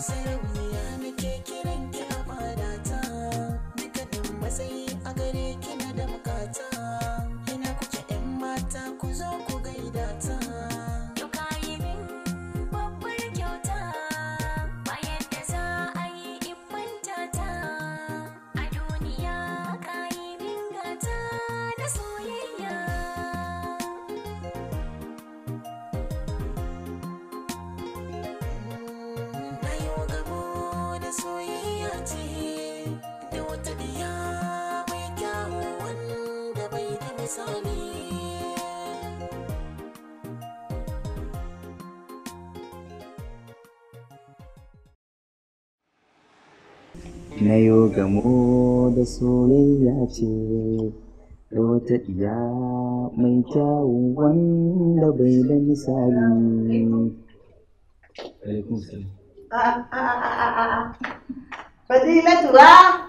said it was na yo gamo da soyayya ce wata iya mai kyawun wanda bai da misali fadilatu ba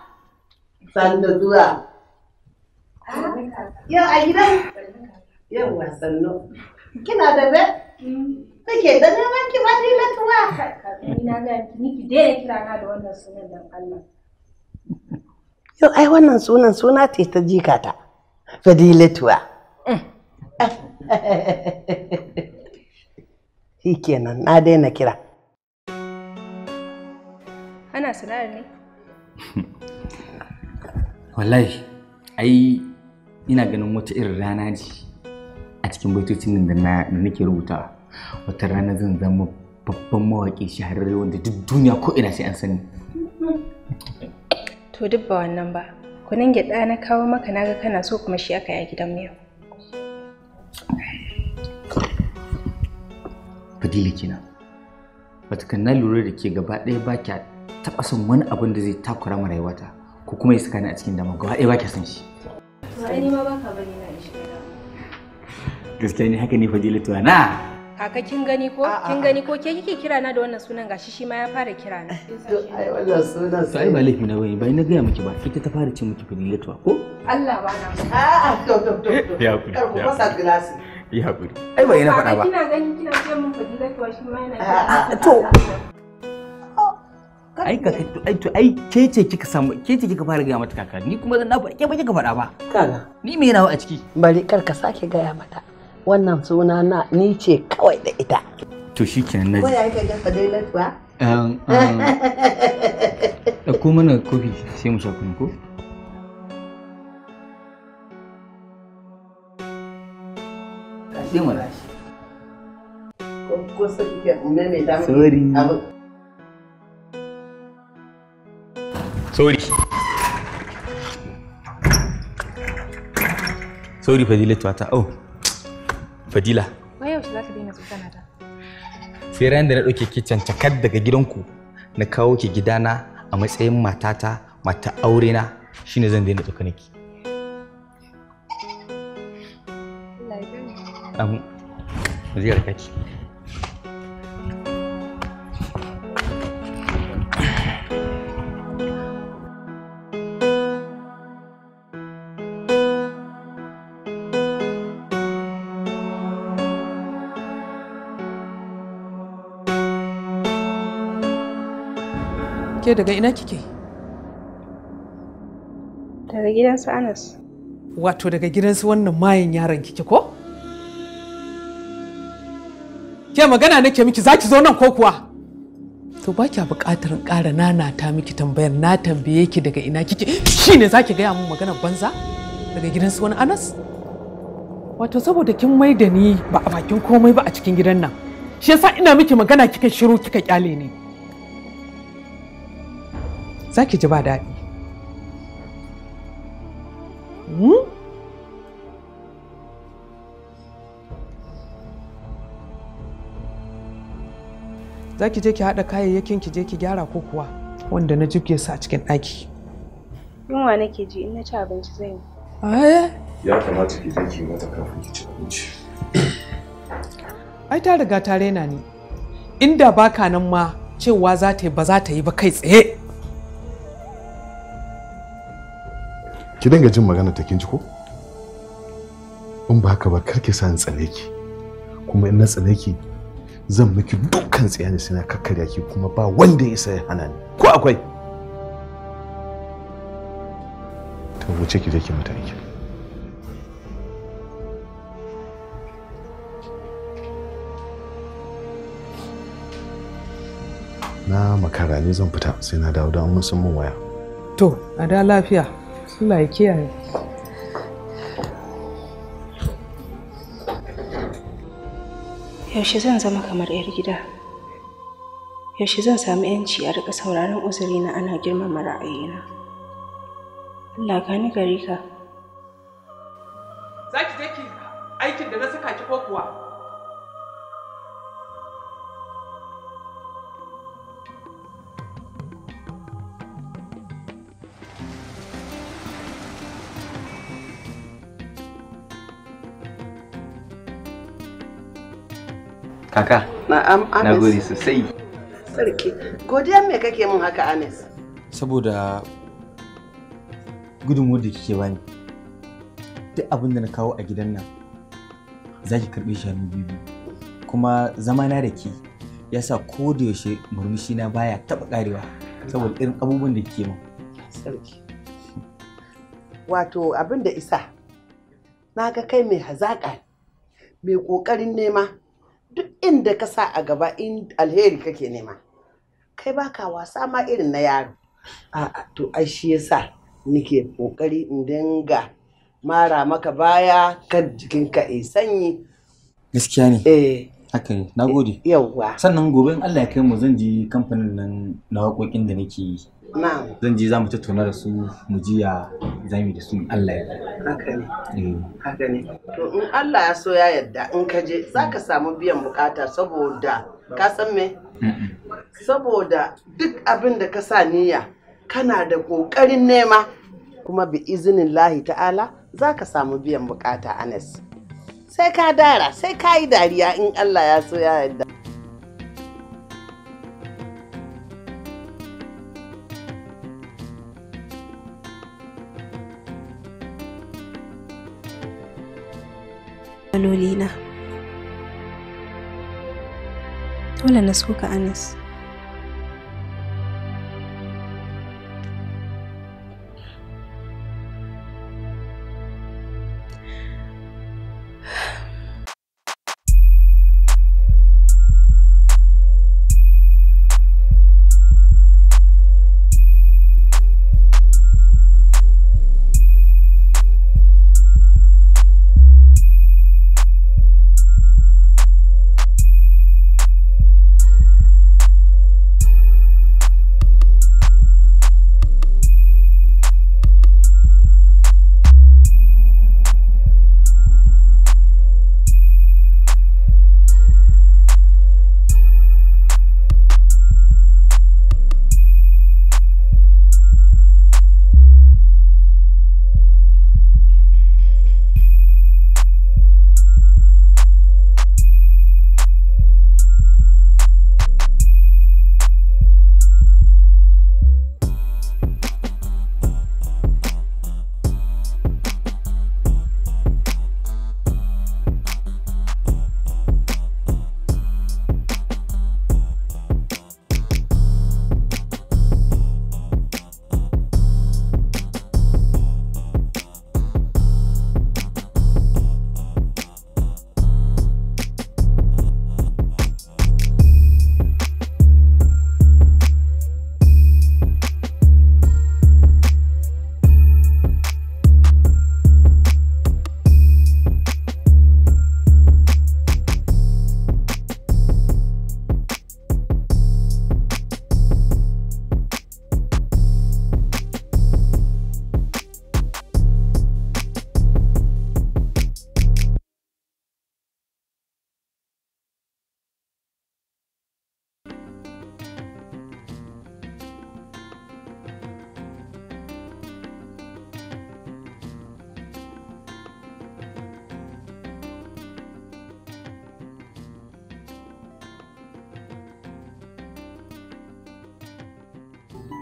yau a gida yau kina da kake da ni ga kira na da wannan sunan dan Allah yau ai wannan sunan suna ce ta jikata fadilatuwa shi kenan na daina kira ana sana'ar ne wallahi ai ina ganin wata irin rana ji a cikin baitocin da nake rubuta wata rana zan zama babban mawaƙi shahararre wanda duk duniya ko ina sai an sani To duk ba wannan ba. Kunin gyaɗa na kawo maka na ga kana so kuma shi aka yi a gidan miya. Fadila kina. Watakan na lura da ke gaba ɗaya ba kya taɓa son wani abin da zai takura ma rayuwata ko kuma ya saka ni a cikin dama, gaba ɗaya ba kya son shi. Ba ni ma ba ka bari na Gaskiya ne haka ne Fadila to na. haka kin gani ko? Kin gani ko ke kike kira na da wannan sunan gashi shi ma ya fara kira na. Ai wannan sunan sai ba laifi na bane bai na gaya miki ba kike ta fara ce miki letwa ko? Allah ba na. A'a to to to. Ya ku ya ku fasa gilasi. Ya kuri. Ai bai na fada ba. Kina gani kina ce min letwa shi ma yana. A'a to. Oh, ai ka ai to ai ke ce kika samu ke ce kika fara gaya mata kaka ni kuma na ke ba kika fada ba kaga ni me yana a ciki bari kar ka sake gaya mata wannan suna na ni ce kawai da ita to shi kenan na ko ya ka ga fadilatuwa? ba um, um, ko mana kofi sai mu sha kunu ko ɗin mana shi ko sai ke mai sorry sorry sorry fadilat ta oh Fadila. Wai yaushe za ka daina tsokana ta? Sai ran da na ɗauke ki cancakar daga gidanku na kawo ki gidana a matsayin matata, mata aure na shine zan daina tsokana ki. Amin. Ziyar kaki. Ke daga ina kike? Daga gidansu Anas. Wato daga gidansu wannan mayan yaron kike ko? Ke magana nake miki zaki zo nan ko kuwa? To ba kya buƙatar ƙara nanata miki tambayar na tambaye ki daga ina kike shi ne zaki gaya min magana banza daga gidansu wani Anas? Wato saboda kin mai da ni ba a bakin komai ba a cikin gidan nan. Shi yasa ina miki magana kika shiru kika kyale ni. za ki ji ba daɗi hmm? za ki je ki haɗa kayayyakin ki je ki gyara ko kuwa wanda na jibge su a cikin ɗaki yunwa nake ji in na ci abinci zai eh? ya kamata ki je ki mata kafin ki ci abinci ai ta riga ta rena ni inda baka nan ma cewa za ta yi ba za ta yi ba kai tsaye ki dinga jin magana ta kinji ko in ba haka ba kar ki sa in tsane ki kuma in na tsane ki zan miki dukkan tsayani sai na kakkarya ki kuma ba wanda ya isa ya hana ni ko akwai to wuce ki je mata aiki na makara ne zan fita sai na dawo don mun san mun waya to a da lafiya Allah ya kiyaye. Yaushe zan zama kamar 'yar gida? Yaushe zan sami 'yanci a rika sauraron uzurina ana girmama ra'ayina? Allah gani gari ka. Za ki je ki aikin da na saka ki ko kuwa? Kaka. Na'am Na gode sosai. Sarki, godiya me kake mun haka Anes? Saboda gudunmu da kike bani. Duk abin da na kawo a gidan nan zaki karbi shanu shi hannu bibi kuma zamana da ke ya sa ko da yaushe murmushi na baya taɓa karewa saboda irin abubuwan da ke mun. Sarki. Wato abin da isa na ga kai mai hazaƙa mai ƙoƙarin nema duk inda ka sa a gaba in alheri kake nema kai baka wasa ma irin na yaro a'a to ai shi yasa nike kokari in dinga mara maka baya kan jikinka e sanyi gaskiya ne eh haka yi na gode yauwa sannan gobe Allah ya kai mu zan ji kamfanin nan na waƙoƙin da nake yi zan ji za mu tattauna da su mu ji ya zami da su Allah ya haka ne eh. haka ne to in Allah ya so ya in ka je za ka samu biyan bukata saboda ka san me saboda duk abin da ka sa niyya kana da ƙoƙarin nema kuma bi izinin lahi ta'ala za ka samu biyan bukata anas sai ka dara sai ka yi dariya in allah ya so ya yarda Alolina. Dole na suka Anas.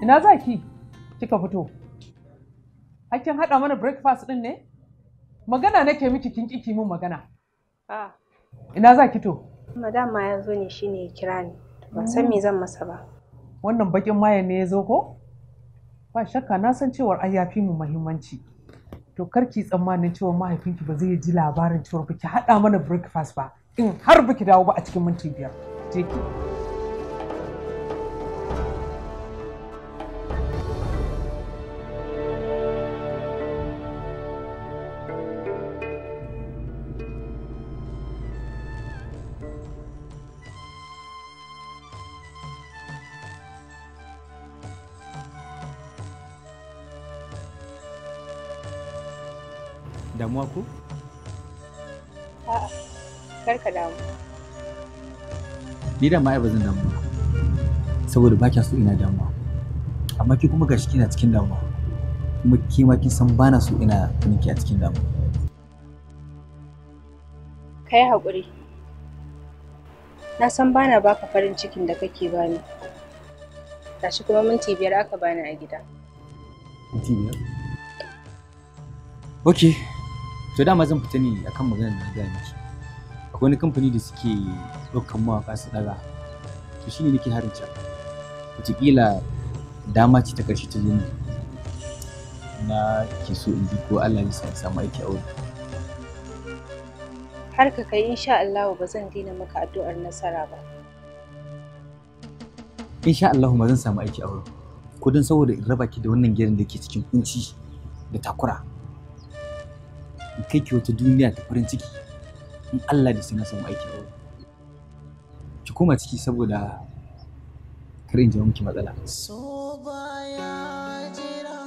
Ina za ki? Kika fito. Hakkin haɗa mana breakfast ɗin ne? Magana nake miki kin kiki mun magana. Ina za ki to? Madam ma ya ne shi ya kira ni. Ban san me zan masa ba. Wannan baƙin mayan ne ya zo ko? Ba shakka na san cewar ai ya mu muhimmanci. To kar tsammanin cewa mahaifinki ba zai ji labarin cewa ba ki haɗa mana breakfast ba. In har ba dawo ba a cikin minti biyar. Je ki. ni da ma ba zan damu ba saboda ba kya so ina damuwa amma ki kuma gashi kina cikin damuwa kuma ke ma kin san bana so ina niki a cikin damuwa kai haƙuri na san bana baka farin cikin da kake bani tashi kuma minti biyar aka bani a gida minti biyar ok to dama zan fita ne akan maganar da na gaya miki akwai wani kamfani da suke dukkan mawaƙa su ɗaga to shine nake harin can wataƙila dama ce ta ƙarshe ta zo na ke so in ji ko Allah ya sa in samu aiki a wurin har ka kai insha Allah ba zan dina maka addu'ar nasara ba insha Allah ma zan samu aiki a wurin ko don saboda in raba ki da wannan gidan da ke cikin kunci da takura in kai ki wata duniya ta farin ciki in Allah da sai na samu aiki a koma ciki saboda kar in jawo miki matsala baya jira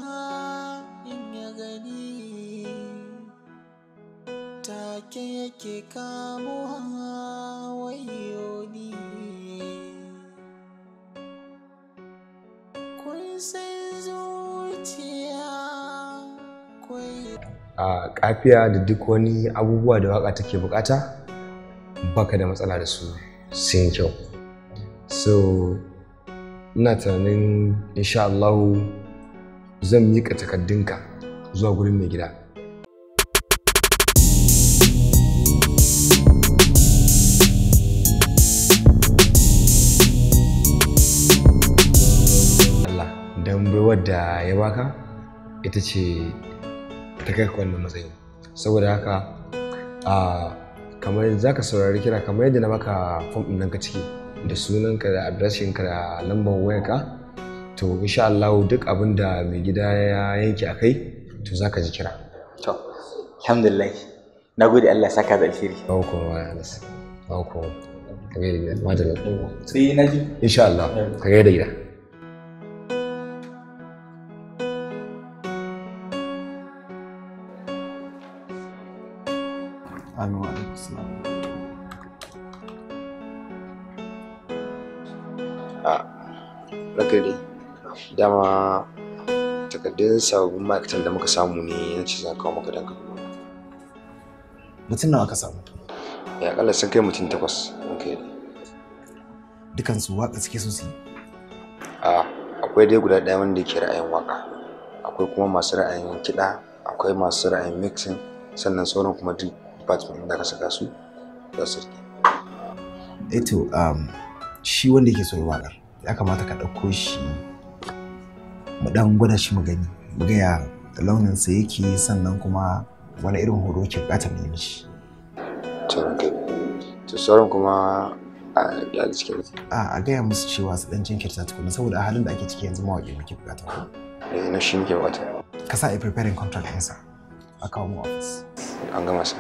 ya gani take yake kamo a kafiya da duk wani abubuwa da waka take bukata baka da matsala da su sun kyau so ina tunanin insha Allah zan miƙa takardunka zuwa gurin mai gida Allah don baiwar da ya baka ita ce ta kai wannan saboda haka a ah, kamar yadda zaka saurari kira kamar yadda na maka fom din ka ciki da sunanka da ka da lambar ka to insha Allah duk abin da mai gida ya yanke a kai to zaka ji kira to alhamdulillah na gode Allah saka da alheri ba ku ma Anas ba ku ka ga da madalla sai na ji insha Allah ka ga da gida dama takardun sabon ma'aikatan da muka samu ne na ce zan kawo maka don ka mutum nawa ka samu ya kalla sun kai mutum takwas in kai da dukansu waka suke so su yi a akwai dai guda ɗaya wanda yake ra'ayin waka akwai kuma masu ra'ayin kiɗa akwai masu ra'ayin mixing sannan sauran kuma duk department da ka saka su za su rike eto eh um, shi wanda yake so ya waƙar ya kamata ka ɗauko shi mu dan gwada shi mu gani mu ga ya launin sa yake sannan kuma wani irin horo ke bata mu yi mishi to sauran kuma a ga cikin a a gaya musu cewa su dan jinkirta tukuna saboda a halin da ake ciki yanzu mawaƙi muke bukata eh na shi muke bukata ka sa a preparing contract sa a kawo mu office an gama sa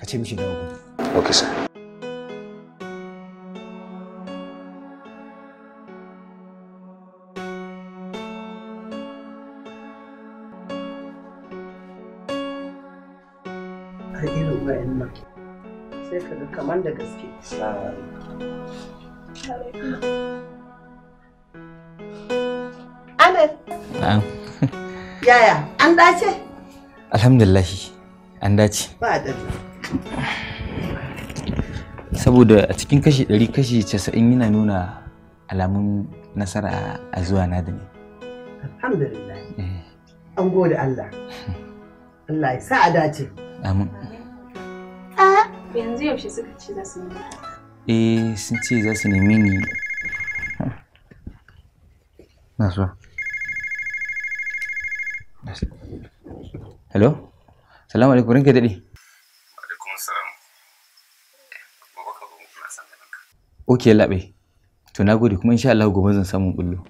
ka ce mishi da gobe okay sir kaman da gaske Ana. na'am yaya an dace alhamdulillah an dace ba da saboda a cikin kashi 100 kashi 90 yana nuna alamun nasara a zuwa na da ne alhamdulillah eh. an gode Allah Allah ya sa a dace amin yanzu yaushe suka ce za ne nemi eh sun ce za su nemi ni na so hello salamu alaikum rinka daɗi alaikum salam ok laɓe to na gode kuma insha Allah gobe zan samun bullo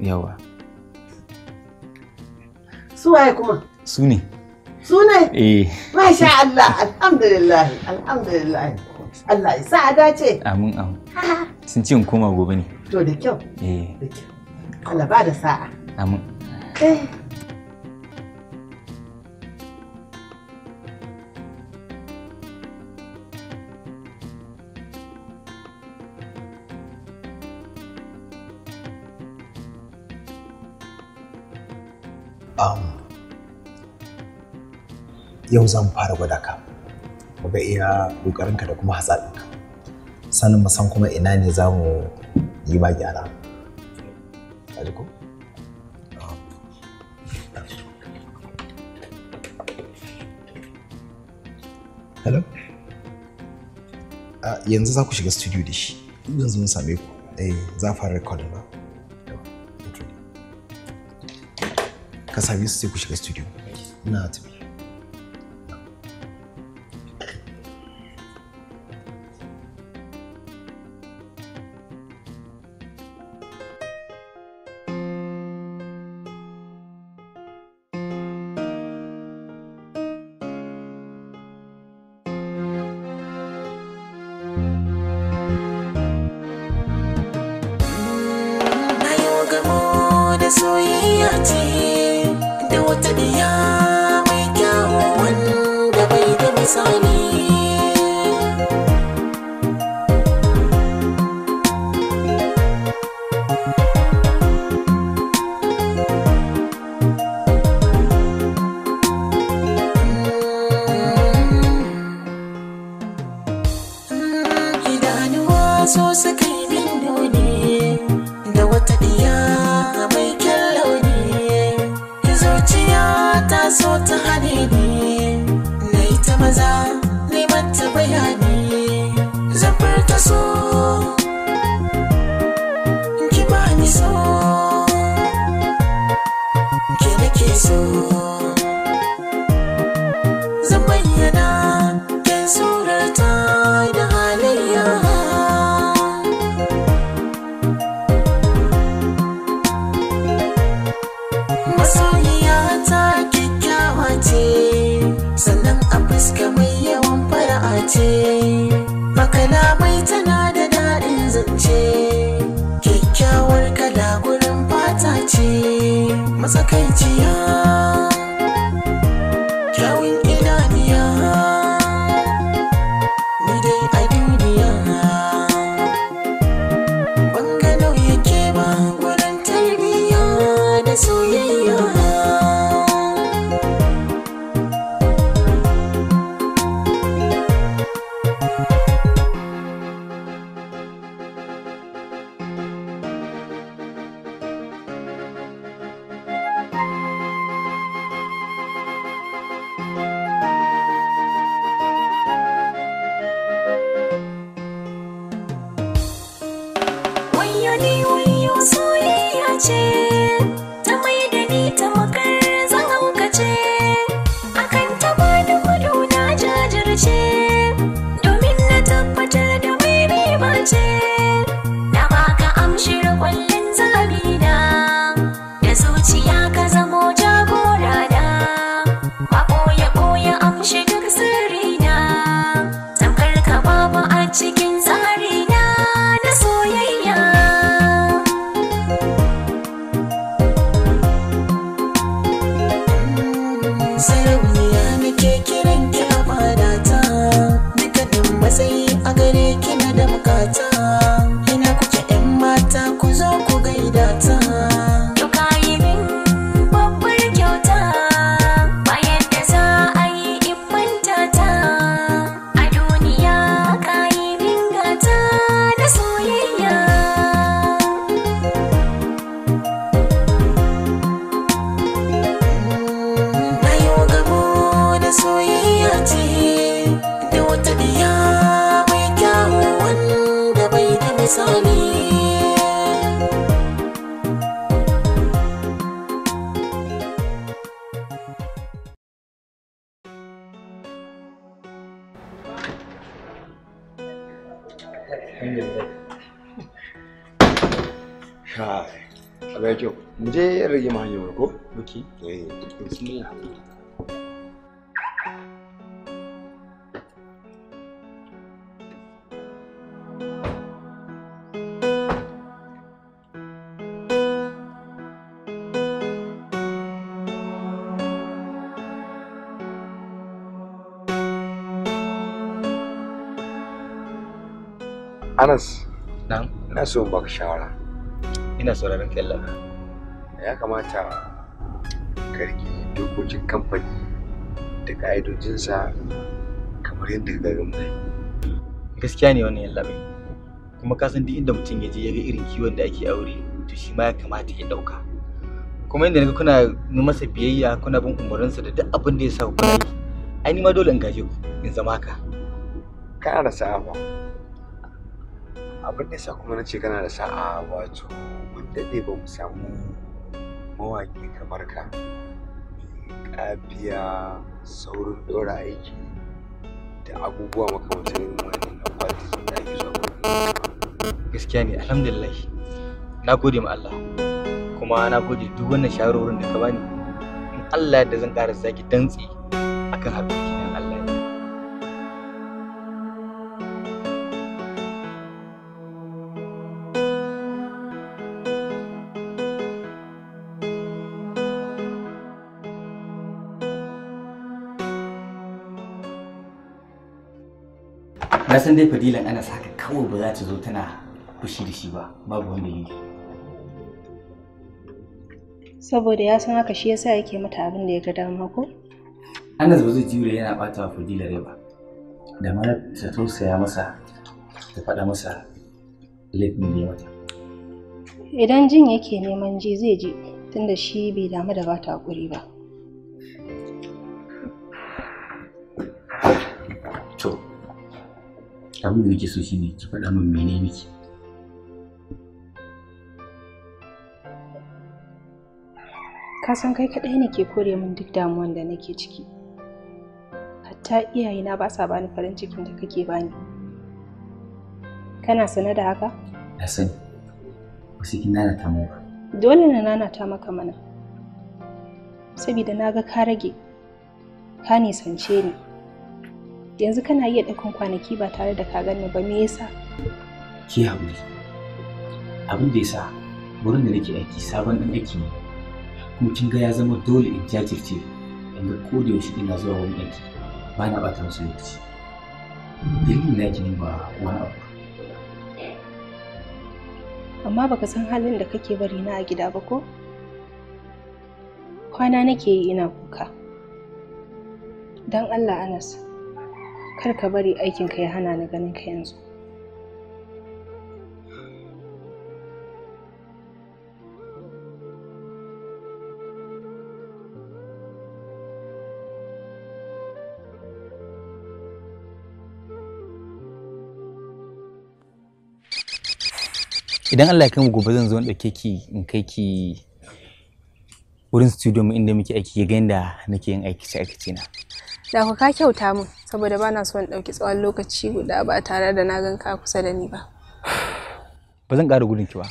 yawa su waye kuma su ne su ne eh. masha Allah alhamdulillah alhamdulillah Allah ya sa a dace amin amin sun ce in koma gobe ne to da kyau eh da Allah ba da sa'a amin eh. Um, yau za mu fara gwada ka mu ga iya ƙoƙarinka da kuma hatsarinka sanin mu san kuma ina ne za mu yi ba gyara ko? Hello? Ah, yanzu za ku shiga studio da shi yanzu mun same ku eh za fara recording ba ka sami su sai ku shiga studio ina tafi shi eh bismillah Anas. Na'am. Ina so baka shawara. Ina sauraron kallon. Ya kamata dokokin kamfani da ƙa'idojinsa kamar yadda ka garin mai gaskiya ne wannan yallaɓai kuma ka san duk inda mutum ya je ya ga irin kiwon da ake aure to shi ma ya kamata ya ɗauka kuma inda naga kuna masa biyayya kuna bin umarninsa da duk abin da ya sa ku kuna yi ai ni ma dole in gaje ku in zama haka kana da sa'a ba abin da ya sa kuma na ce kana da sa'a wato mun daɗe ba mu samu mawaƙi kamar ka a biya saurin ɗora aiki da abubuwa makamantan wannan da ake zuwa gaskiya ne alhamdulillah na gode ma Allah kuma na gode duk wannan shawarorin da ka bani in Allah yadda zan ƙara zaki dantsi akan harkoki na san dai fadilan ana saka kawai ba za ta zo tana fushi da shi ba babu wanda yi saboda ya san haka shi yasa yake mata abin da ya ga dama ko Anas ba zai jure yana bata wa fadila rai ba da mara ta tausaya masa ta faɗa masa laifin da idan jin yake neman ji zai ji tunda shi bai damu da bata hakuri ba abin da nake so shine ki faɗa min mene ki ka san kai kaɗai ne ke kore min duk damuwan da nake ciki hatta iyayena ba sa bani farin cikin da kake bani kana sane da haka na sani su kina nanata mu ba dole na nanata maka mana saboda na ga ka rage ka nisance ni yanzu kana iya ɗaukan kwanaki ba tare da ka gani ba me yasa ki haƙuri abin da yasa wurin da nake aiki sabon ɗan aiki ne kuma kin ga ya zama dole in jajirce inda ko da yaushe ina zuwa wani aiki ba na ɓata musu lokaci dalilin naki ne ba wani abu amma baka san halin da kake bari na a gida ba ko kwana nake yi ina kuka don allah anas kar ka bari aikin ka ya hana ni ganin ka yanzu idan Allah ya kai mu gobe zan zo in dauke ki in kai ki wurin studio mu inda muke aiki ga yanda nake yin aikace aikace na da ku ka kyauta min saboda bana so in ɗauki tsawon lokaci guda ba tare da na ganka kusa da ni ba ba zan ƙara gudun ki ba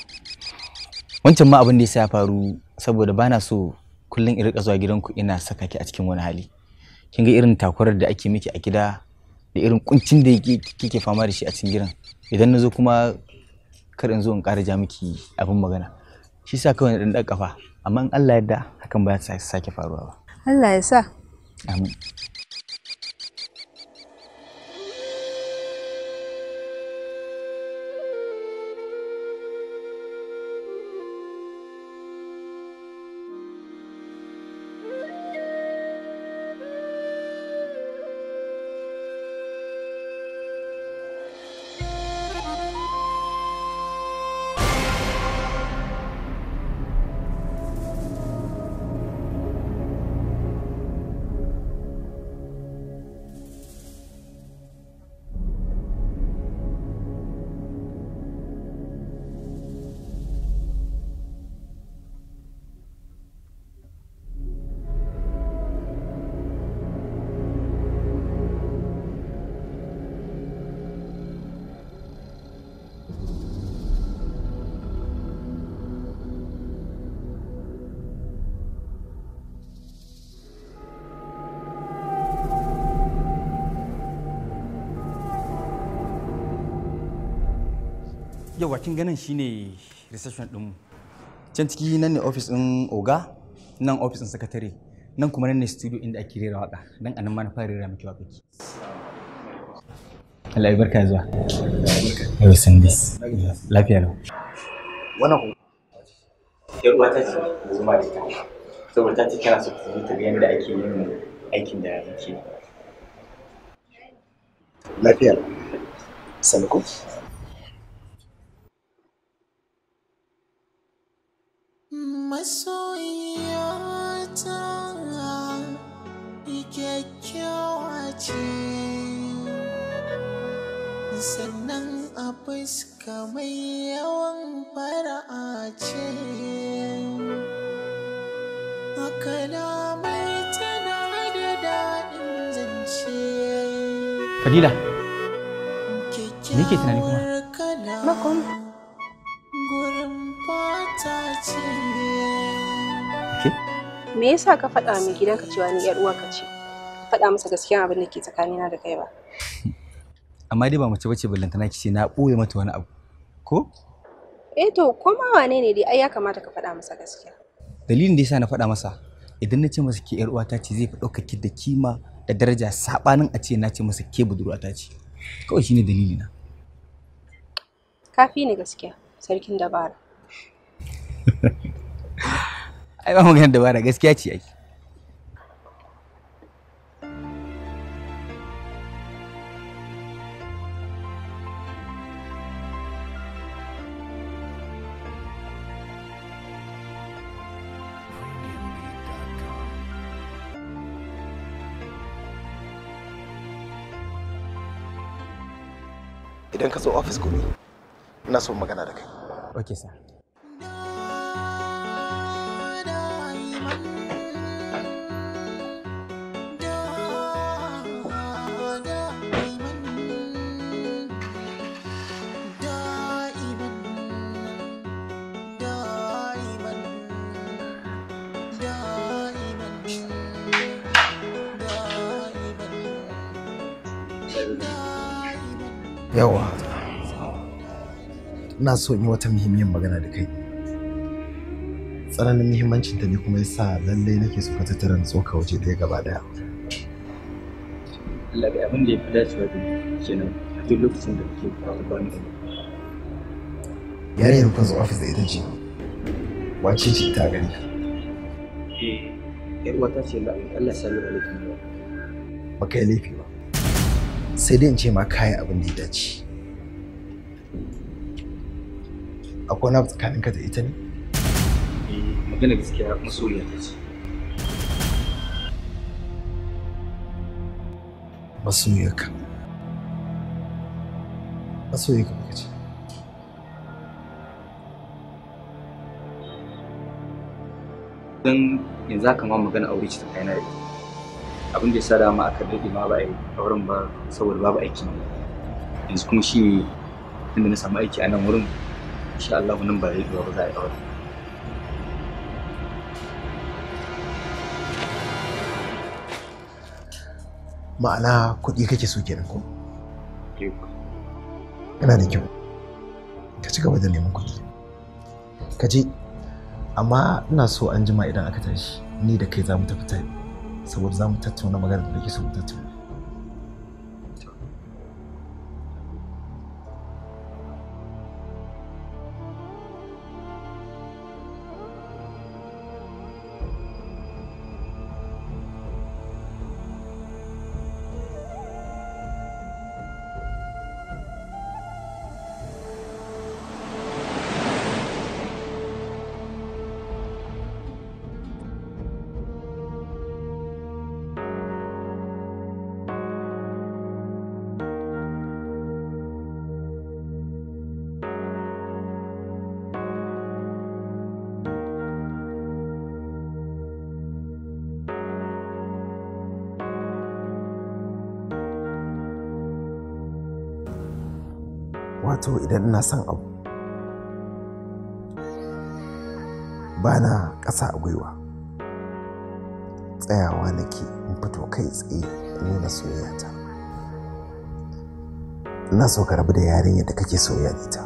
wancan ma abin da ya faru saboda bana so kullum in rika zuwa gidanku ina saka ki a cikin wani hali kin ga irin takwarar da ake miki a gida da irin kuncin da kike fama da shi a cikin gidan idan na zo kuma kar in zo in ƙara ja miki abin magana shi sa kawai na ɗan kafa amma in Allah ya yarda hakan ba ya sake faruwa ba Allah ya sa amin kin ganin shine reception ɗinmu can ciki nan ne office ɗin oga nan office ɗin secretary nan kuma nan ne studio inda ake rera waka dan anan ma na fara rera miki waka ki Allah ya barka zuwa yau san dis lafiya lau wannan ko yar ruwa ta ce zuma da ita saboda ta ce kana so ta ta ga yadda ake yin aikin da yake lafiya lau sanko ka mai yawan fara'a ce akala mai tana da daɗin zance fadila me ke tunani kuma makon gurin fata ce me yasa ka faɗa mai gidanka cewa ni yar uwarka ce faɗa masa gaskiya abin da ke tsakanina da kai ba amma dai ba mace bace ballantana ki ce na ɓoye mata wani abu ko? Eh to ko ma wane ne dai ai ya kamata ka faɗa masa gaskiya. Dalilin da yasa na faɗa masa idan na ce masa ke ƴar uwata ce zai fi ɗaukaki da kima da daraja sabanin a ce na ce masa ke budurwata ce. Kawai shine dalili na. Kafi ne gaskiya sarkin dabara. Ai ba magana dabara gaskiya ce ai. idan ka zo ofis gobe ina so magana da kai okay sir yawa ina so in yi wata muhimmiyar magana da kai tsananin muhimmancin ta ne kuma ya sa lallai nake so ka tattara na tsoka waje ɗaya gaba ɗaya Allah ga abin da ya fi dacewa da kenan a duk lokacin da kake kwakwalwa yarinyar kun zo ofis da ita ce wace ce ta gani eh yar wata ce da Allah sami alaikum ba kai laifi ba sai dai in ce ma kayan abin da ya dace akwai wani tsakanin ka da ita ne eh, magana gaskiya masoyiya ta ce ka? masoyiyarka ka kuka ce don yanzu haka ma magana aure ce ta kayan da ita abin da ya sa dama aka daɗe ma ba a yi auren ba saboda babu aiki yanzu kuma shi inda na samu aiki a nan wurin shi Allah nan ba zai ba za a yi auren ma'ana kuɗi kake so kenan ko eh yana da kyau ka ci gaba da neman kuɗi ka je amma ina so an jima idan aka tashi ni da kai za mu tafi tare saboda za mu tattauna maganar da ke so mu tattauna so idan ina son abu ba na ƙasa a gwiwa tsayawa nake in fito kai tsaye nuna ta. ina so ka rabu da yarinya da kake soyayya da ita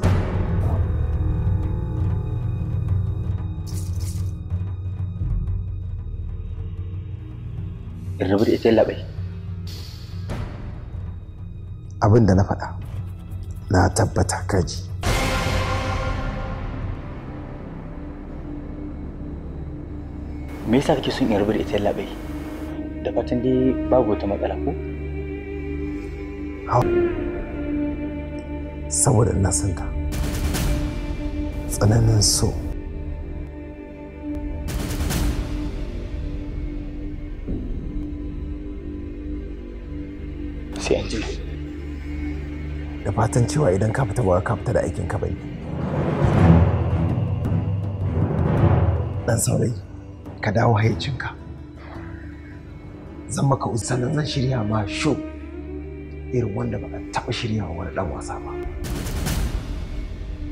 rabu da ita labai abin da na faɗa na tabbata kaji me yasa kake son in da ita labai da fatan dai babu wata matsala ko saboda na san ka tsananin so fatan cewa idan ka fita ba ka fita da aikin ka bai dan saurayi ka dawo hayyacinka zan maka sannan zan shirya ma sho irin wanda ba a shirya wa wani ɗan wasa ba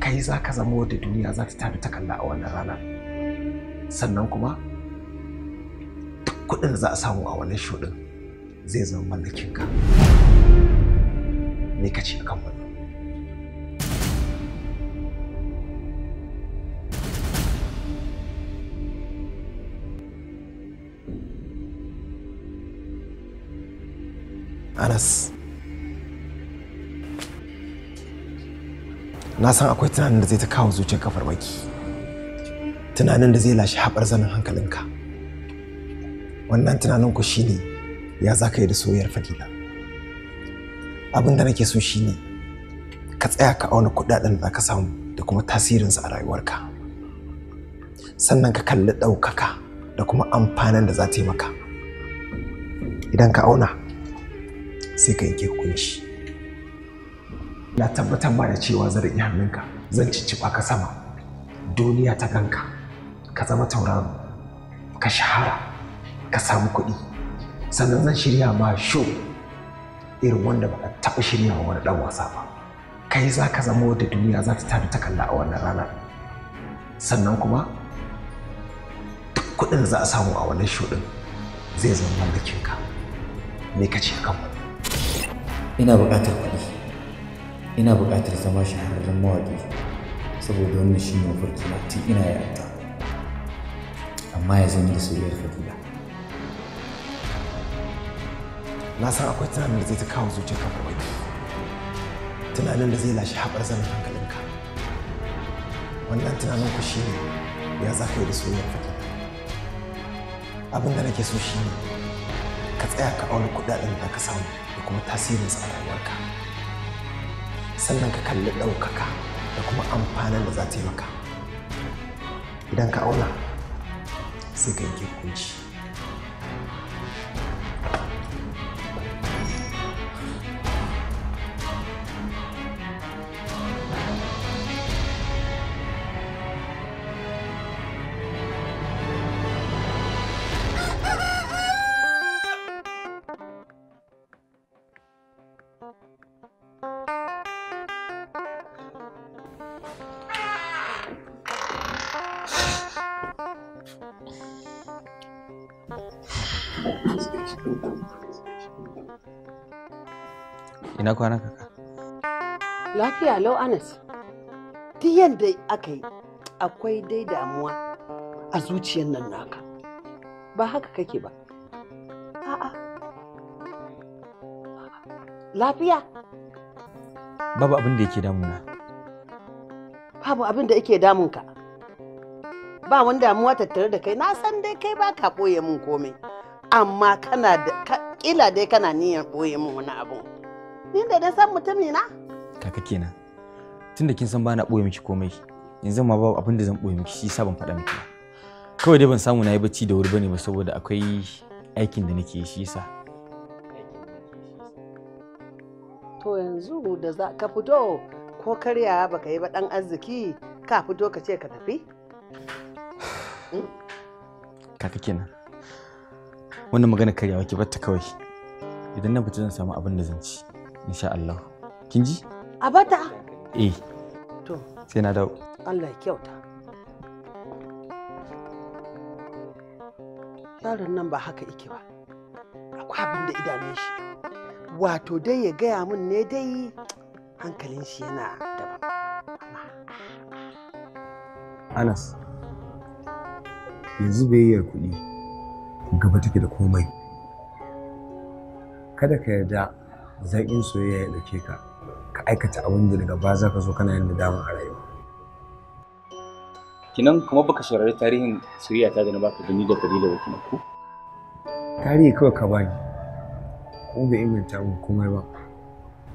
kai za ka zama wadda duniya za ta tafi ta kalla a wannan rana, sannan kuma duk kuɗin da za a samu a wannan show ɗin zai zama mallakinka. ka me kan wannan Anas na san akwai tunanin da zai ta kawo zuciyar kafar maki tunanin da zai lashe haɓar zanen hankalinka wannan tunanin ku shine ya za ka yi da soyayyar fadila abin da nake so shine ka tsaya ka auna kudaden da ka samu da kuma tasirinsu a rayuwarka sannan ka kalli ɗaukaka da kuma amfanin da za ta yi maka idan ka auna sai ka yanke hukunci na tabbatar ba da cewa zan yi hannunka zan cicciɓa ka sama duniya ta ganka ka zama tauraro ka shahara ka samu kuɗi sannan zan shirya ma show irin wanda ba taɓa shirya wa wani ɗan wasa ba kai za ka zama wadda duniya za ta tafi ta kalla a wannan rana. sannan kuma duk kuɗin za a samu a wannan shuɗin zai zama mallakin ka me ka ce kan ina buƙatar kuɗi ina buƙatar zama shahararren mawaƙi saboda wannan shi ne mafarki na tun ina yarda amma ya zanyi da soyayyar fadila na san akwai tunanin da zai ta kawo zuciyarka ko tunanin da zai lashe haɓar zaman hankalinka wannan tunanin ku shi ne ya za ka yi da soyayyar fata abin da nake so shi ne ka tsaya ka auna kuɗaɗen da ka samu da kuma tasirin sa a sannan ka kalli ɗaukaka da kuma amfanin da za ta yi maka idan ka auna sai ka yi hukunci Ina kwana kaka? Lafiya lau Anas. ti yadda aka yi akwai dai damuwa a zuciyar nan naka. Ba haka kake ba. A'a. Lafiya? Babu abin da yake damuna. Babu abin da yake damunka. Ba wani damuwa tattare da kai na san dai kai ba ka ɓoye min komai. Amma kana da kila dai kana niyyar ɓoye min wani abu. Tunda da san mutumi na? Kaka kenan. Tunda kin san bana boye miki komai. Yanzu ma babu abin da zan boye miki shi saban ban faɗa miki. Kawai dai ban samu nayi bacci da wuri bane ba saboda akwai aikin da nake shi yasa. To yanzu da za ka fito ko karya baka yi ba dan arziki ka fito ka ce ka tafi? Kaka kenan. Wannan magana karyawa ki batta kawai. Idan na fita zan samu abin da zan ci. insha Allah kin ji a bata eh to sai na dawo Allah ya kyauta Tsarin nan ba haka yake ba akwai abin da idanun shi wato dai ya gaya min ne dai hankalin shi yana daban Anas yanzu biyayyar kuɗi gaba take da komai kada ka yarda zaƙin soyayya ya ɗauke ka ka aikata abin da daga ba za ka zo kana yin nadama a rayuwa kinan kuma baka saurari tarihin soyayya ta da na baka gani da dalilin wa kinan ku tarihi kawai ka bani ko bai inganta min komai ba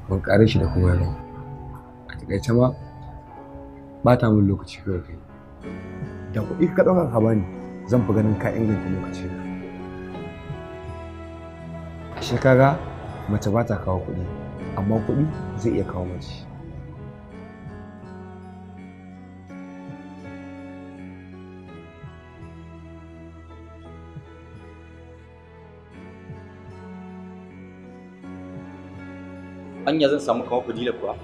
ban ƙare shi da komai ba a taƙaice ma ba ta min lokaci kawai kai da kuɗi ka ɗaukar ka bani zan fi ganin ka inganta lokaci na kaga mace ba ta kawo kuɗi amma kuɗi zai iya kawo mace anya zan samu kamar fadila kuwa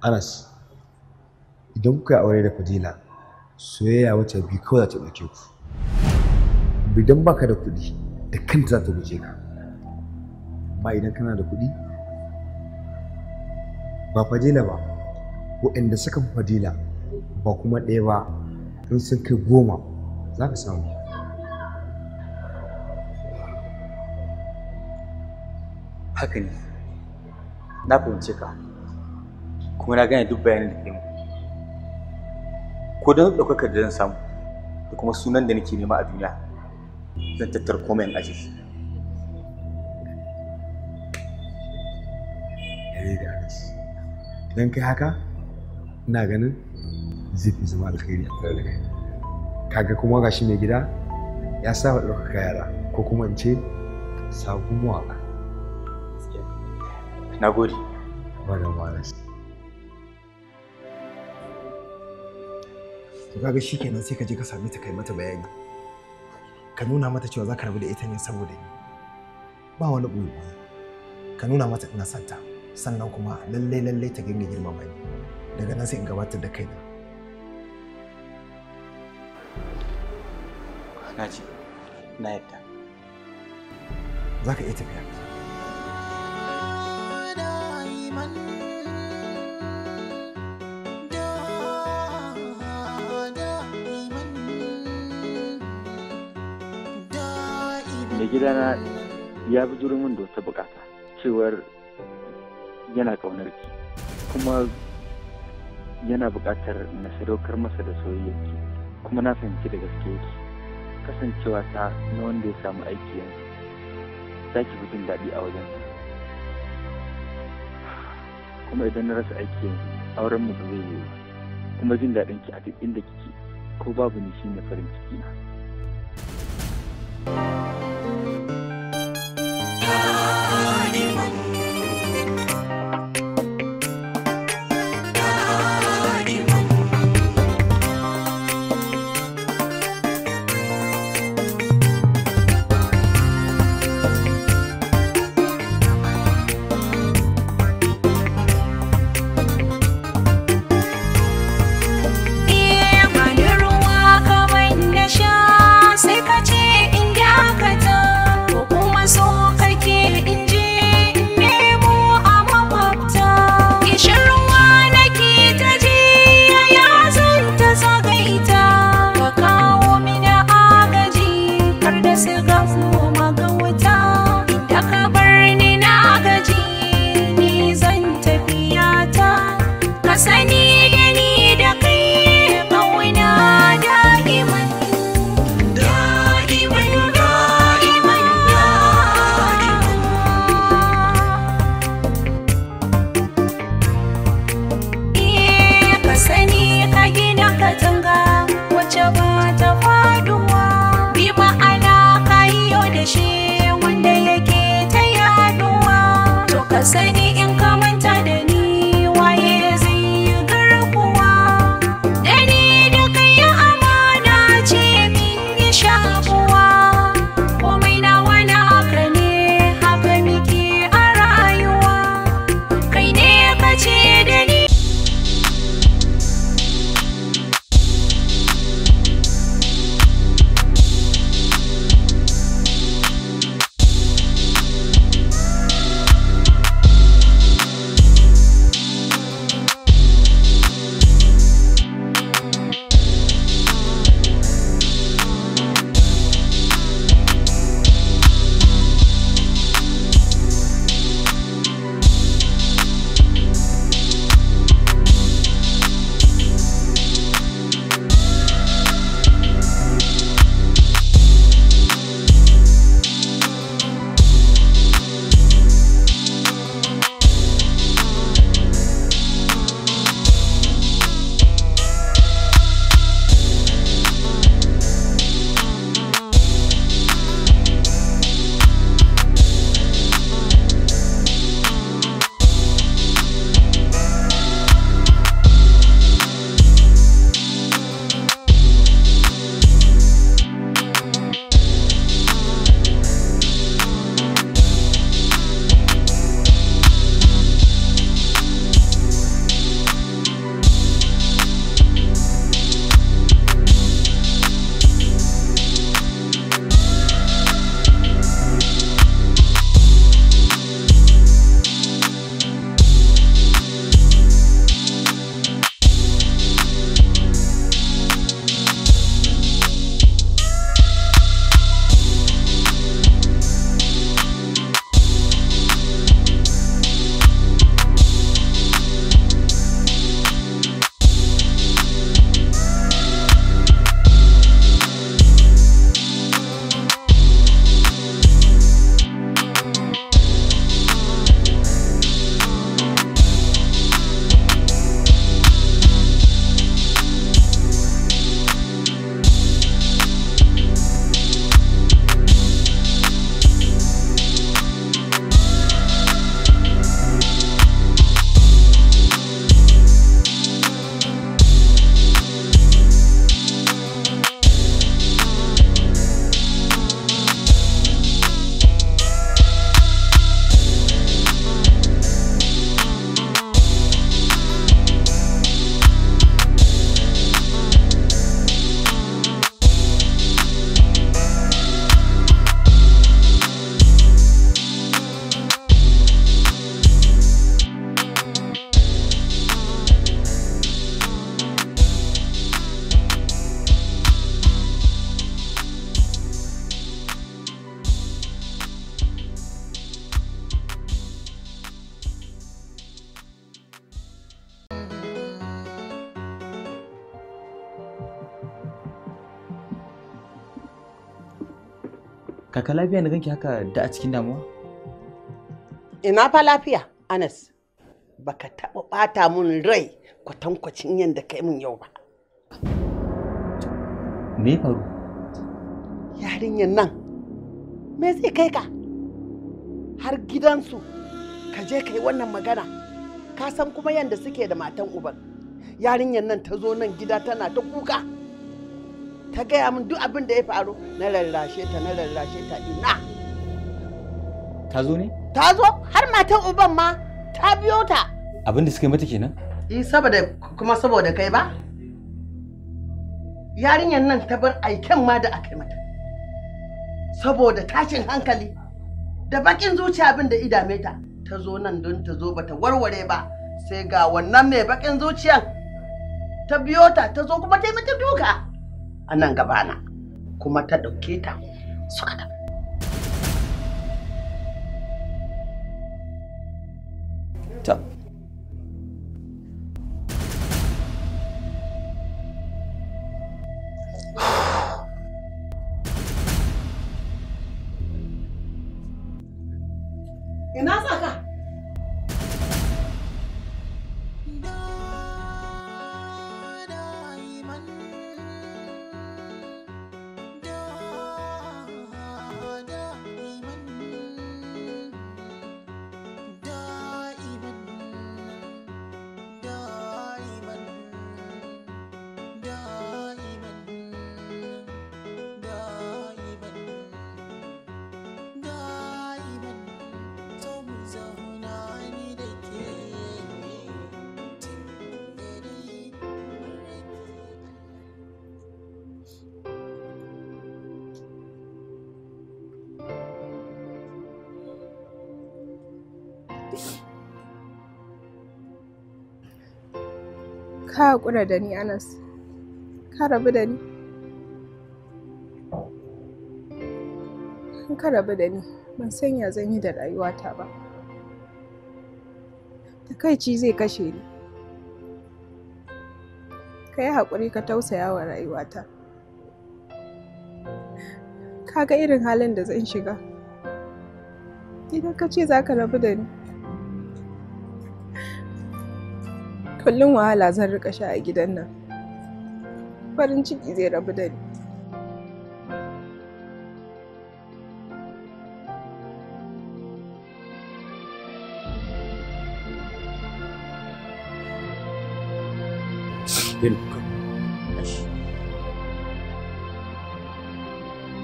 anas idan kuka yi aure da fadila soyayya wata biyu kawai za ta ɗauke ku idan baka da kuɗi da kanta za ta guje ka amma idan kana da kuɗi ba fadila ba waɗanda suka fi fadila ba kuma ɗaya ba in sun kai goma za ka samu haka ne na fahimce ka kuma na gane duk bayanin da kai ko don ɗaukakar da zan samu da kuma sunan da nake nema a duniya zan tattar komai in aje shi don kai haka ina ganin zai fi zama alkhairi a tare da kai kaga kuma gashi mai gida ya saba ɗaukaka yara ko kuma in ce sabon mawaƙa na gode ba da to kaga shikenan sai ka je ka same ta kai mata bayani ka nuna mata cewa za ka rabu da ita ne saboda ni ba wani ɓoye ka nuna mata ina santa sannan kuma lalle lalle ta ganga girmama ni daga nan sai in gabatar da kaina naji na yadda za ka iya tafiya gidana ya bi min da wata bukata cewar yana kaunar ki kuma yana bukatar na sadaukar masa da ki kuma na fahimci da gaske yake kasancewa ta na wanda ya samu aiki yanzu za ki fi jin daɗi a wajen kuma idan na rasa aiki yanzu auren mu ba zai yiwu kuma jin daɗin ki a duk inda kike ko babu ni na farin ciki na ka lafiya na ganki haka da a cikin damuwa? Ina fa lafiya, Anas. Baka taɓa ɓata mun rai kwatankwacin yadda ka yi mun yau ba. Me faru? Yarinyar nan, me zai kai ka? Har gidansu, ka je ka yi wannan magana. Ka san kuma yadda suke da matan uban. Yarinyar nan ta zo nan gida tana ta kuka. ta gaya min duk abin da ya faru na rarrashe ta na rarrashe ta ina ta zo ne ta zo har matan uban ma ta biyo ta abin da suka yi mata kenan eh saboda kuma saboda kai ba yarinyar nan ta bar aiken ma da aka mata saboda tashin hankali da bakin zuciya abin da idame ta ta zo nan don ta zo bata warware ba sai ga wannan mai bakin zuciyan ta biyo ta ta zo kuma ta yi mata duka a nan gabana kuma ta ɗauke ta suka tafi ta ka haƙura da ni Anas ka rabu da ni ka rabu da ni ban san ya zan yi da rayuwata ba takaici zai kashe ni ka yi haƙuri ka tausaya wa rayuwata ka ga irin halin da zan shiga idan ka ce za ka rabu da ni kullum wahala zan rika sha a gidan nan farin ciki zai rabu da ni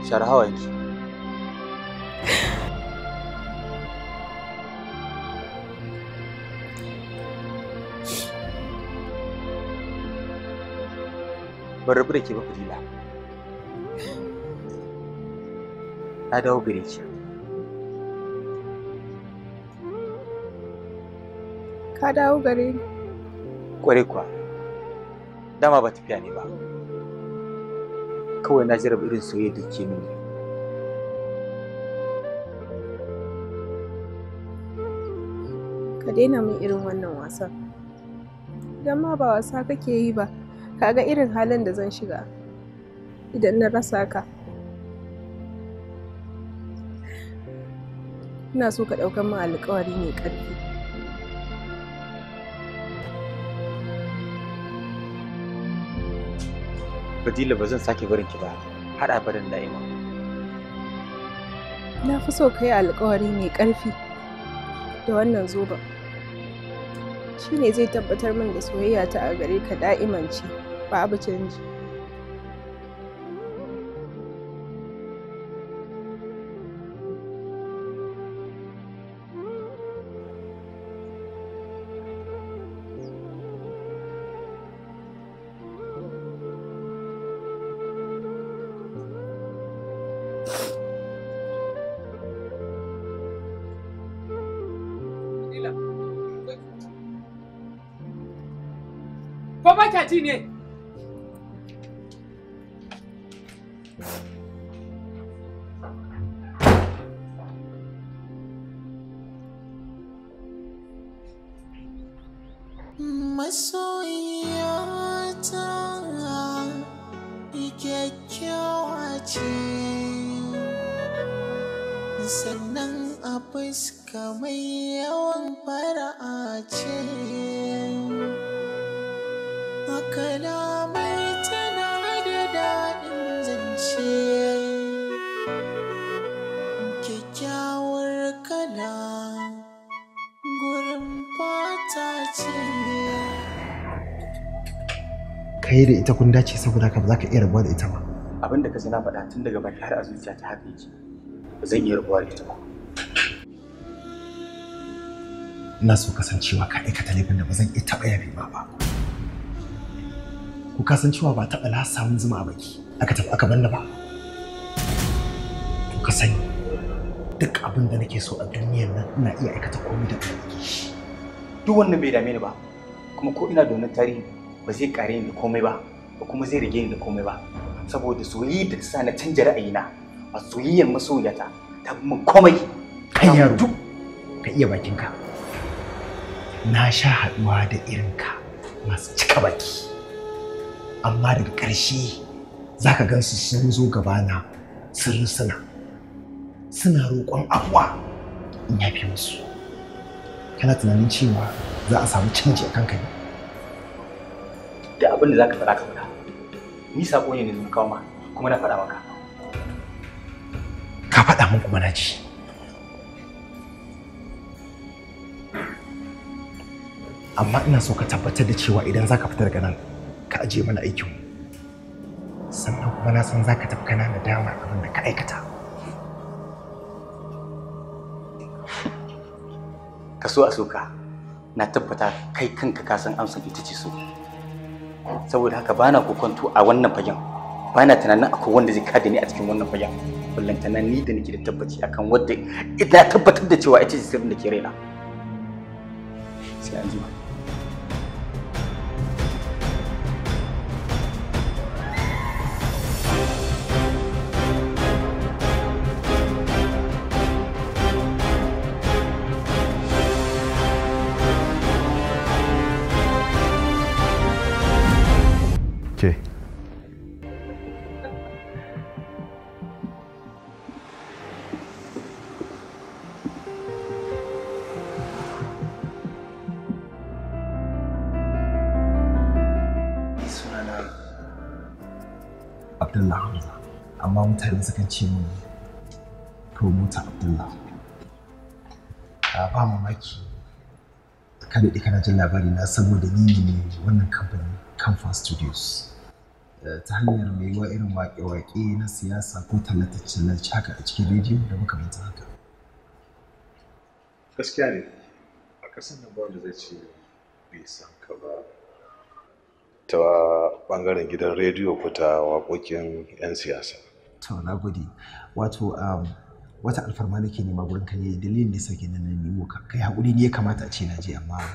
Sharhawanki. ban rabu da ke ba fadila na dawo gare ki ka dawo gare ni kware kuwa dama ba tafiya ne ba kawai na jira irin soyayya da ke mini ka daina min irin wannan wasan don ma ba wasa kake yi ba kaga irin halin da zan shiga idan na rasa ka ina so ka ɗaukar min alkawari mai ƙarfi Fadila ba zan sake barin ki ba har abadan da'ima na fi so ka yi alkawari mai ƙarfi da wannan zoben shi ne zai tabbatar min da soyayya ta a gare ka da'imanci. babu canji Ko ba kya ne? da ita kun dace saboda haka ba za ka iya rabuwa da ita ba abin da ka na faɗa tun daga baki har a zuciya ta haka yake ba zan iya rabuwa da ita ba ina so kasancewa ka aikata laifin da ba zan iya taɓa yabe ma ba ku kasancewa ba taɓa lasa mun zuma a baki aka tafi aka banna ba Ku ka sani duk abin da nake so a duniyar nan ina iya aikata komai da shi. duk wannan bai dame ni ba kuma ko ina da wannan tarihi ba zai ƙare ni komai ba ba kuma zai rige ni da komai ba saboda soyayya da ta sa na canja ra'ayina a soyayyar masoyata ta min komai kan yaro ka iya bakinka na sha haɗuwa da irinka masu cika baki amma daga ƙarshe za ka gansu sun zo gaba na sun suna suna roƙon abuwa in ya fi musu kana tunanin cewa za a samu canji a kanka ne da abin da za ka ka fara ni sako ne ne kawo ma kuma na fara maka ka faɗa min kuma na ji amma ina so ka tabbatar da cewa idan za ka fita daga nan ka ajiye mana aikin sannan kuma na san za ka tafi kana da dama abin da ka aikata ka so a soka na tabbata kai kanka ka san amsan ita ce so saboda haka bana kokonto a wannan fagen na tunanin akwai wanda zai kada ni a cikin wannan fagen ballantana ni da nake da tabbaci akan wadda ina tabbatar da cewa ita ce sirrin da ke raina sai an zuwa hatsarin sakance mu kawo mota abdullah a ba mamaki ka daɗe kana jin labari na saboda da ni ne wannan kamfanin kamfa studios eh, ta hanyar mai yiwa irin waƙe-waƙe na siyasa ko tallace-tallace haka a cikin rediyo da muka manta haka gaskiya ne a ƙasar nan wanda zai ce bai san ka ba ta ɓangaren gidan rediyo ko ta waƙoƙin 'yan siyasa to na gode wato um, wata alfarma nake nema gurin ka ne dalilin da sake nan nemo ka kai hakuri ne ya kamata a ce na je amma nan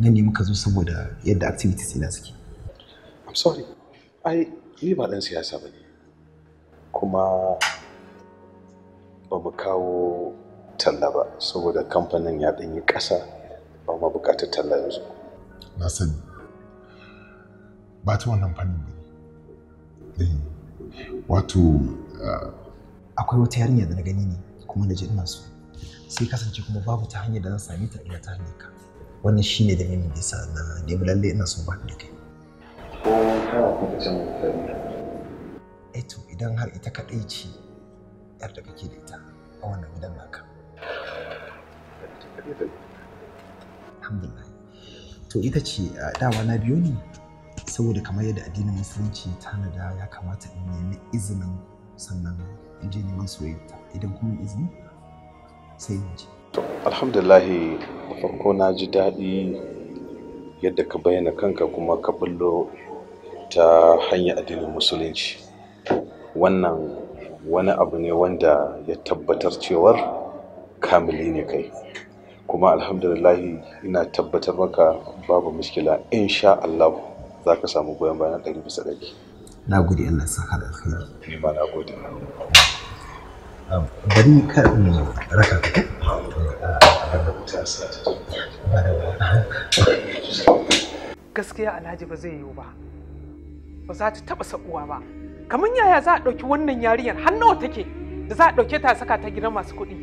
nemi muka zo saboda yadda activities ina suke I'm sorry ai ni ba dan siyasa bane kuma ba mu kawo talla ba saboda kamfanin ya ɗanyi ƙasa ba mu buƙatar talla yanzu na sani ba ta wannan fannin ba eh, wato akwai wata yarinya da na gani ne kuma na ji ina so sai kasance kuma babu ta hanyar da zan same ta ina ta hanyar ka wannan shi ne da da bisa na nemi lalle ina so ba da kai ko kuka eh to idan har ita kaɗai ce yar da kake da ita a wannan gidan naka alhamdulillah to ita ce ah, dawa na biyo ne saboda kamar yadda addinin musulunci tana tanada ya kamata in nemi izinin sannan in je neman soyayya idan kuma izini sai in ji alhamdulillah farko na ji daɗi yadda ka bayyana kanka kuma ka bullo ta hanyar addinin musulunci wannan wani abu ne wanda ya tabbatar cewar kamili ne kai kuma alhamdulillahi ina tabbatar maka babu muskila insha Allah za ka samu goyon bayan ɗari bisa ɗari na gode Allah saka da alkhairi ni ma na gode bari ka raka ka gaskiya alhaji ba zai yiwu ba ba za ta taba sakuwa ba kamar yaya za a ɗauki wannan yarinyar har nawa take da za a ɗauke ta saka ta gidan masu kuɗi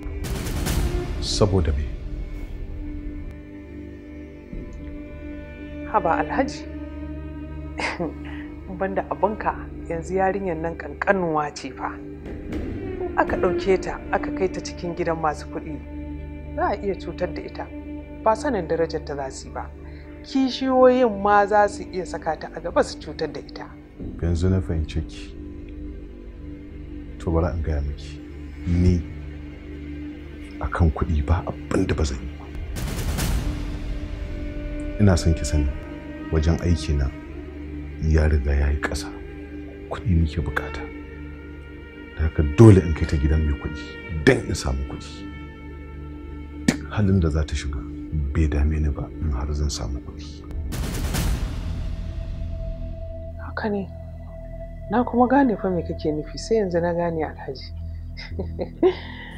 saboda me haba alhaji banda abinka yanzu yarinyar nan kankanuwa ce fa in aka ɗauke ta aka kai ta cikin gidan masu kuɗi za a iya cutar da ita ba sanin darajar ta za ba kishiyoyin ma za su iya saka ta a gaba su cutar da ita yanzu na fahimci ki to bari an gaya miki ni akan kuɗi ba abin da ba zan yi ina son ki sani wajen aiki na ya riga ya yi ƙasa kuɗi muke bukata da haka dole in kai ta gidan mai kuɗi don in samu kuɗi halin da za ta shiga bai dame ni ba in har zan samu kuɗi haka ne na kuma gane fa me kake nufi sai yanzu na gane alhaji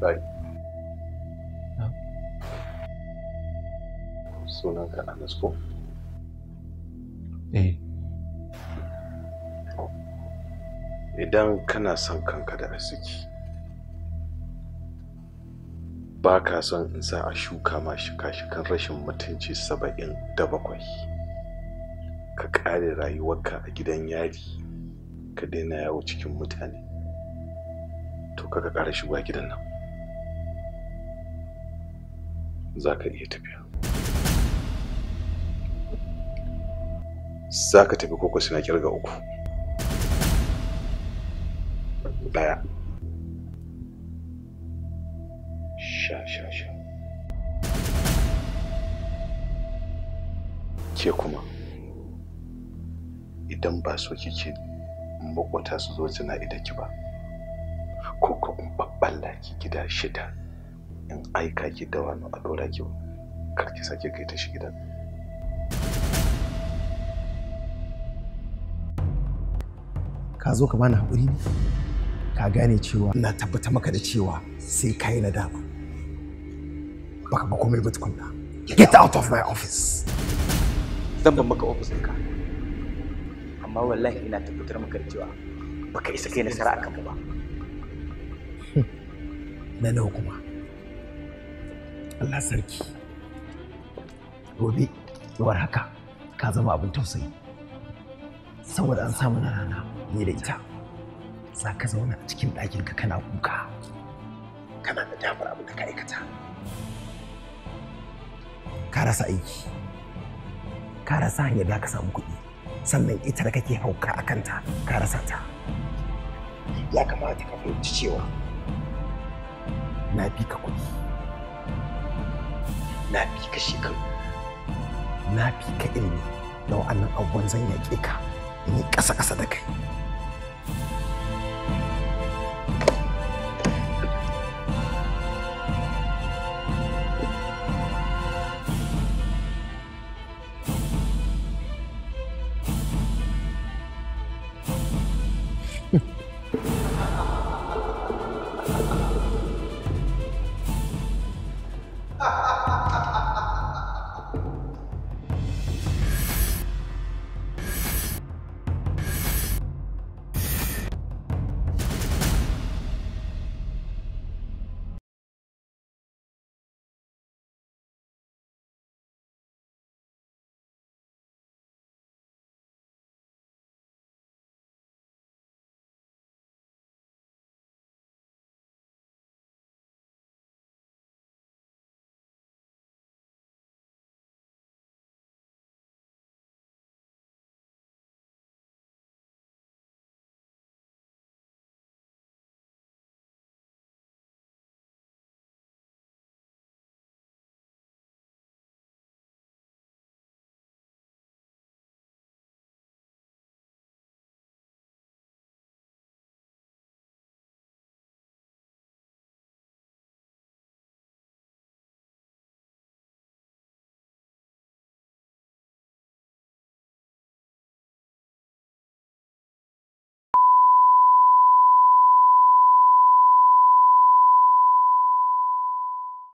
Bye. ka Anas Idan kana son kanka da arziki, ba ka son in sa a shuka ma shika-shikan rashin mutunci saba'in da bakwai. Ka ƙare rayuwarka a gidan yari, ka daina yawo cikin mutane. To kaga ƙara shiga gidan nan. za ka iya tafiya za ka tafi koko suna kirga uku daya sha sha sha ke kuma idan ba so kike makwata su zo suna idan ba ko kuma babban laki gida shida in aika ki da wani a ɗora ki kar ki sake kai ta shi gidan ka zo ka bani haƙuri ka gane cewa ina tabbata maka da cewa sai ka yi na nadama baka ba komai ba tukunna get out of my office zan ban maka office ɗinka amma wallahi ina tabbatar maka da cewa baka isa kai nasara akan mu ba na nawa kuma Allah sarki gobe war haka ka zama abin tausayi saboda an samu na rana ne da ita za ka zauna a cikin ɗakinka kana kuka kana da damar abin da ka aikata ka rasa aiki ka rasa hanyar da ka samu kuɗi sannan ita da kake hauka a kanta ka rasa ta ya kamata ka fahimci cewa na bi ka kuɗi na fi ka shekaru na fi ka ilimi da wa'annan abubuwan zan yaƙe ka in yi ƙasa-ƙasa da kai